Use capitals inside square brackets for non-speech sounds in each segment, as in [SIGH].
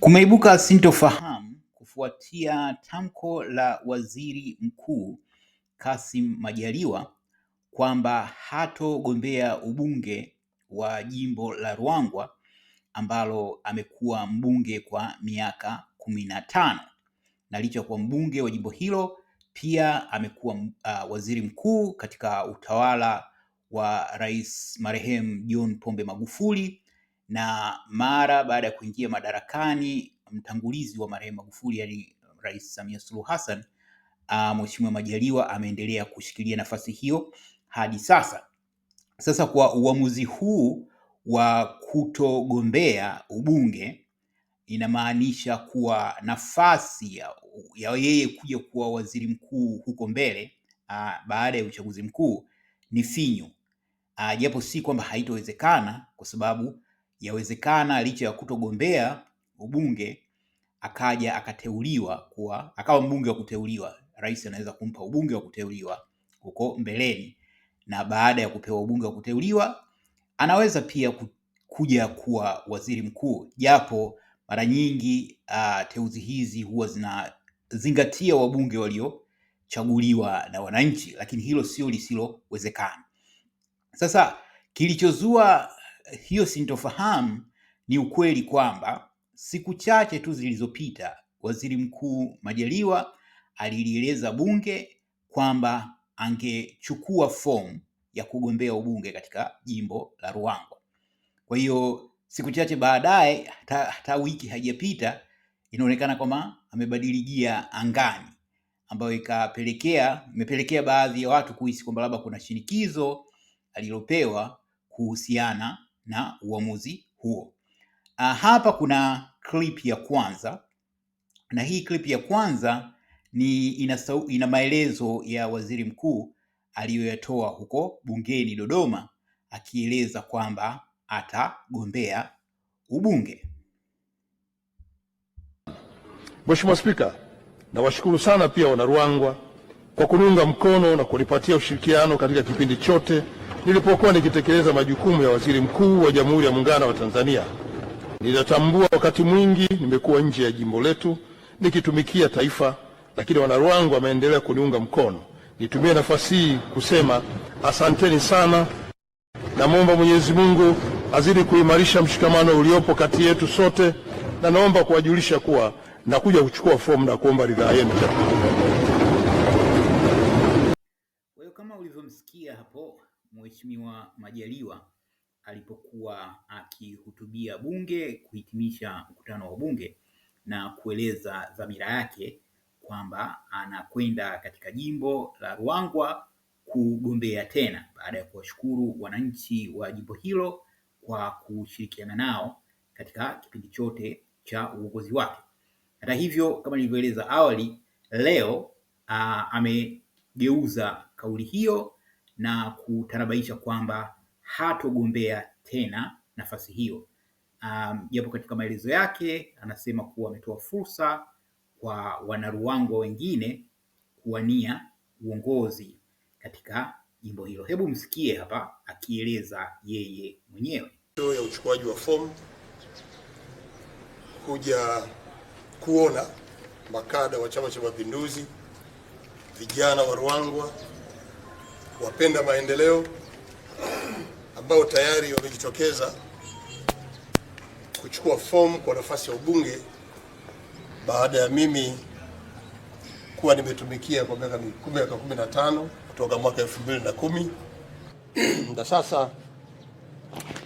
Kumeibuka sintofahamu kufuatia tamko la Waziri Mkuu Kassim Majaliwa kwamba hatogombea ubunge wa jimbo la Ruangwa ambalo amekuwa mbunge kwa miaka kumi na tano na licha kuwa mbunge wa jimbo hilo pia amekuwa uh, waziri mkuu katika utawala wa Rais marehemu John Pombe Magufuli na mara baada ya kuingia madarakani mtangulizi wa marehemu Magufuli, yani Rais Samia Suluhu Hassan, ah, Mheshimiwa Majaliwa ameendelea kushikilia nafasi hiyo hadi sasa. Sasa kwa uamuzi huu wa kutogombea ubunge inamaanisha kuwa nafasi ya, ya yeye kuja kuwa waziri mkuu huko mbele ah, baada ya uchaguzi mkuu ni finyu, ah, japo si kwamba haitowezekana kwa sababu yawezekana licha ya kutogombea ubunge akaja akateuliwa kuwa akawa mbunge wa kuteuliwa. Rais anaweza kumpa ubunge wa kuteuliwa huko mbeleni, na baada ya kupewa ubunge wa kuteuliwa anaweza pia kuja kuwa waziri mkuu, japo mara nyingi uh, teuzi hizi huwa zinazingatia wabunge waliochaguliwa na wananchi, lakini hilo sio lisilowezekana. Sasa kilichozua hiyo sintofahamu ni ukweli kwamba siku chache tu zilizopita Waziri Mkuu Majaliwa alilieleza bunge kwamba angechukua fomu ya kugombea ubunge katika jimbo la Ruangwa. Kwa hiyo siku chache baadaye, hata, hata wiki haijapita, inaonekana kwamba amebadili gia angani, ambayo ikapelekea imepelekea baadhi ya watu kuhisi kwamba labda kuna shinikizo alilopewa kuhusiana na uamuzi huo. Uh, hapa kuna clip ya kwanza na hii clip ya kwanza ni ina, ina maelezo ya waziri mkuu aliyoyatoa huko bungeni Dodoma akieleza kwamba atagombea ubunge. Mheshimiwa Spika, nawashukuru sana pia Wanaruangwa kwa kuniunga mkono na kunipatia ushirikiano katika kipindi chote Nilipokuwa nikitekeleza majukumu ya waziri mkuu wa Jamhuri ya Muungano wa Tanzania, ninatambua wakati mwingi nimekuwa nje ya jimbo letu nikitumikia taifa, lakini wanaruangu wameendelea kuniunga mkono. Nitumie nafasi hii kusema asanteni sana. Namwomba Mwenyezi Mungu azidi kuimarisha mshikamano uliopo kati yetu sote, na naomba kuwajulisha kuwa nakuja kuchukua fomu na kuomba ridhaa yenu. Kwa hiyo kama ulivyomsikia hapo Mheshimiwa Majaliwa alipokuwa akihutubia Bunge kuhitimisha mkutano wa Bunge na kueleza dhamira yake kwamba anakwenda katika jimbo la Ruangwa kugombea tena baada ya kuwashukuru wananchi wa jimbo hilo kwa kushirikiana nao katika kipindi chote cha uongozi wake. Hata hivyo, kama nilivyoeleza awali, leo amegeuza kauli hiyo na kutarabaisha kwamba hatogombea tena nafasi hiyo. Um, japo um, katika maelezo yake anasema kuwa ametoa fursa kwa wanaruangwa wengine kuwania uongozi katika jimbo hilo. Hebu msikie hapa akieleza yeye mwenyewe. ya uchukuaji wa fomu kuja kuona makada wa Chama cha Mapinduzi, vijana wa Ruangwa wapenda maendeleo ambao tayari wamejitokeza kuchukua fomu kwa nafasi ya ubunge baada ya mimi kuwa nimetumikia kwa miaka 15 kutoka mwaka 2010 na kumi [CLEARS THROAT] sasa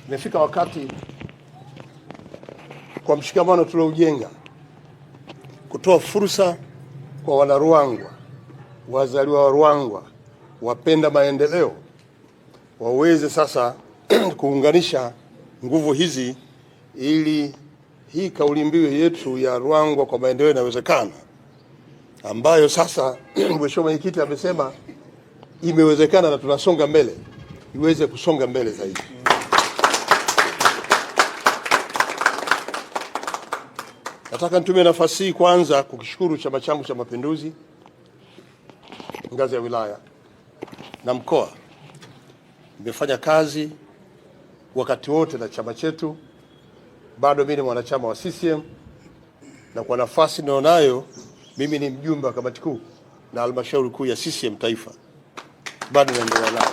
imefika wakati kwa mshikamano tuloujenga kutoa fursa kwa Wanaruangwa, wazaliwa wa Ruangwa wapenda maendeleo waweze sasa [CLEARS THROAT] kuunganisha nguvu hizi ili hii kauli mbiu yetu ya Ruangwa kwa maendeleo inawezekana, ambayo sasa [CLEARS THROAT] Mheshimiwa Mwenyekiti amesema imewezekana na tunasonga mbele, iweze kusonga mbele zaidi. Nataka nitumie nafasi hii kwanza kukishukuru chama changu cha Mapinduzi ngazi ya wilaya na mkoa imefanya kazi wakati wote na chama chetu. Bado mimi ni mwanachama wa CCM na kwa nafasi ninayonayo mimi ni mjumbe wa kamati kuu na halmashauri kuu ya CCM taifa, bado naendelea nao.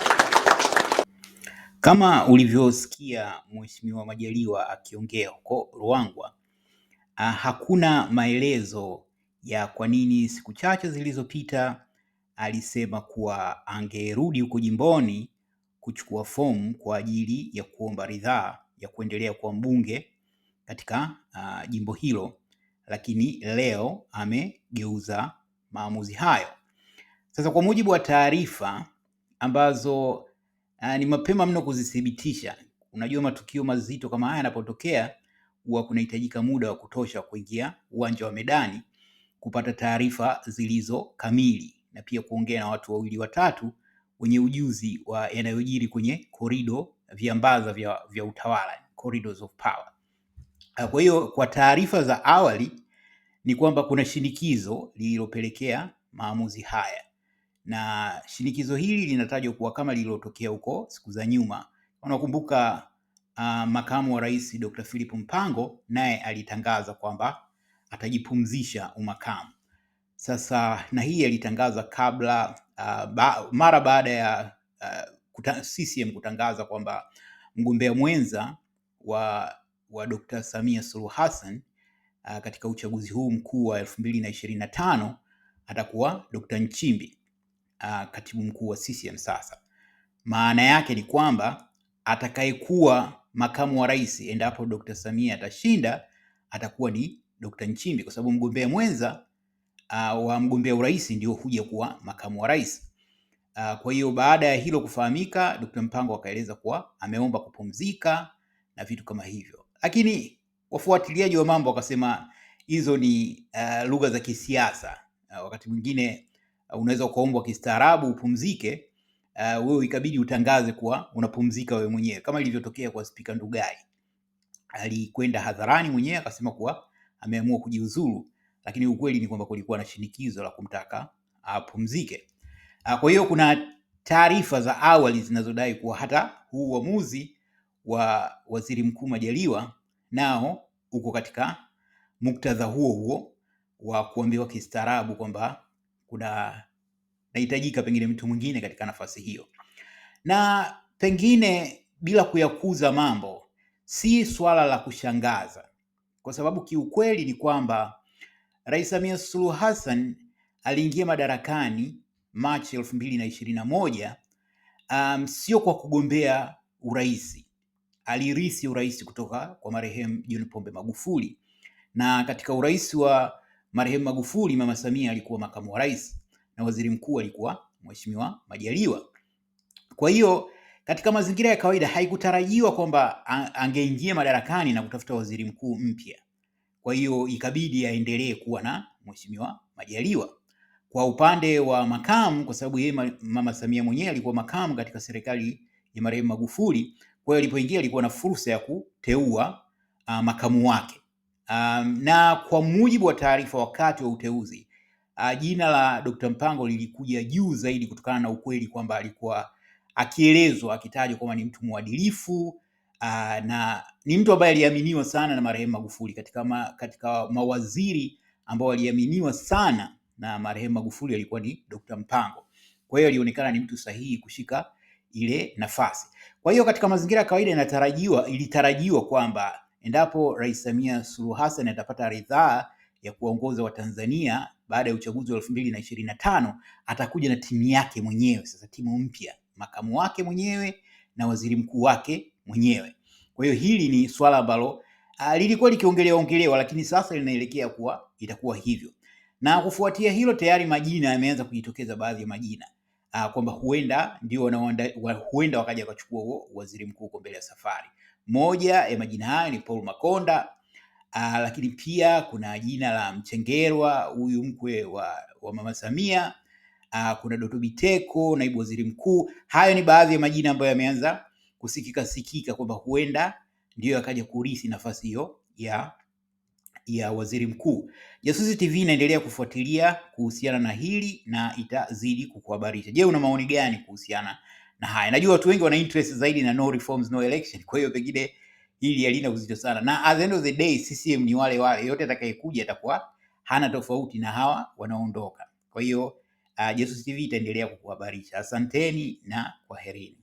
Kama ulivyosikia Mheshimiwa Majaliwa akiongea huko Ruangwa, ah, hakuna maelezo ya kwa nini siku chache zilizopita alisema kuwa angerudi huko jimboni kuchukua fomu kwa ajili ya kuomba ridhaa ya kuendelea kuwa mbunge katika uh, jimbo hilo, lakini leo amegeuza maamuzi hayo. Sasa kwa mujibu wa taarifa ambazo uh, ni mapema mno kuzithibitisha. Unajua, matukio mazito kama haya yanapotokea huwa kunahitajika muda wa kutosha kuingia uwanja wa medani kupata taarifa zilizo kamili na pia kuongea na watu wawili watatu wenye ujuzi wa yanayojiri kwenye korido viambaza vya, vya utawala corridors of power. Ah, kwa hiyo kwa taarifa za awali ni kwamba kuna shinikizo lililopelekea maamuzi haya, na shinikizo hili linatajwa kuwa kama lililotokea huko siku za nyuma. Unakumbuka uh, makamu wa rais Dr. Philip Mpango naye alitangaza kwamba atajipumzisha umakamu. Sasa na hii alitangaza kabla uh, ba, mara baada ya uh, kuta, CCM kutangaza kwamba mgombea mwenza wa, wa Dr. Samia Suluhu Hassan uh, katika uchaguzi huu mkuu wa elfu mbili na ishirini na tano atakuwa Dr. Nchimbi uh, katibu mkuu wa CCM sasa. Maana yake ni kwamba atakayekuwa makamu wa rais endapo Dr. Samia atashinda atakuwa ni Dr. Nchimbi kwa sababu mgombea mwenza uh, wa mgombea urais ndio huja kuwa makamu wa rais. Uh, kwa hiyo baada ya hilo kufahamika, Dkt. Mpango akaeleza kuwa ameomba kupumzika na vitu kama hivyo, lakini wafuatiliaji wa mambo wakasema hizo ni uh, lugha za kisiasa. Uh, wakati mwingine uh, unaweza ukaombwa kistaarabu upumzike, uh, wewe ikabidi utangaze kuwa unapumzika wewe mwenyewe, kama ilivyotokea kwa Spika Ndugai. Alikwenda hadharani mwenyewe akasema kuwa ameamua kujiuzulu lakini ukweli ni kwamba kulikuwa na shinikizo la kumtaka apumzike. Ah, kwa hiyo kuna taarifa za awali zinazodai kuwa hata huu uamuzi wa Waziri Mkuu Majaliwa nao uko katika muktadha huo huo wa kuambiwa kistaarabu kwamba kuna nahitajika pengine mtu mwingine katika nafasi hiyo, na pengine bila kuyakuza mambo, si swala la kushangaza kwa sababu kiukweli ni kwamba Rais Samia Suluhu Hassan aliingia madarakani Machi elfu mbili na ishirini na moja um, sio kwa kugombea urais. Alirithi urais kutoka kwa marehemu John Pombe Magufuli, na katika urais wa marehemu Magufuli, Mama Samia alikuwa makamu wa rais na waziri mkuu alikuwa Mheshimiwa Majaliwa. Kwa hiyo katika mazingira ya kawaida haikutarajiwa kwamba angeingia madarakani na kutafuta waziri mkuu mpya. Kwa hiyo ikabidi aendelee kuwa na Mheshimiwa Majaliwa kwa upande wa makamu, kwa sababu yeye Mama Samia mwenyewe alikuwa makamu katika serikali ya marehemu Magufuli. Kwa hiyo alipoingia alikuwa na fursa ya kuteua uh, makamu wake um, na kwa mujibu wa taarifa wakati wa uteuzi uh, jina la Dr. Mpango lilikuja juu zaidi kutokana na ukweli kwamba alikuwa akielezwa akitajwa kwamba ni mtu mwadilifu Aa, ah, na ni mtu ambaye aliaminiwa sana na marehemu Magufuli katika, ma, katika mawaziri ambao aliaminiwa sana na marehemu Magufuli alikuwa ni Dr. Mpango. Kwa hiyo alionekana ni mtu sahihi kushika ile nafasi. Kwa hiyo katika mazingira ya kawaida inatarajiwa, ilitarajiwa kwamba endapo Rais Samia Suluhu Hassan atapata ridhaa ya kuwaongoza Watanzania baada ya uchaguzi wa elfu mbili na ishirini na tano atakuja na timu yake mwenyewe, sasa timu mpya, makamu wake mwenyewe na waziri mkuu wake mwenyewe. Kwa hiyo hili ni swala ambalo ah, lilikuwa likiongelewa ongelewa, lakini sasa linaelekea kuwa itakuwa hivyo, na kufuatia hilo tayari majina yameanza kujitokeza, baadhi ya majina ah, kwamba huenda ndio huenda wakaja wakachukua huo waziri mkuu huko mbele ya safari. Moja ya majina hayo ni Paul Makonda. Aa, ah, lakini pia kuna jina la Mchengerwa, huyu mkwe wa, wa Mama Samia. Aa, kuna Doto Biteko, naibu waziri mkuu. Hayo ni baadhi ya majina ambayo yameanza kusikika sikika kwamba huenda ndiyo akaja kurithi nafasi hiyo ya ya waziri mkuu. Jasusi TV inaendelea kufuatilia kuhusiana na hili na itazidi kukuhabarisha. Je, una maoni gani kuhusiana na haya? Najua watu wengi wana interest zaidi na no reforms no election, kwa hiyo pengine hili halina uzito sana, na at the end of the day CCM ni wale wale, yote atakayekuja atakuwa hana tofauti na hawa wanaondoka. Kwa hiyo uh, Jasusi TV itaendelea kukuhabarisha. Asanteni na kwaherini.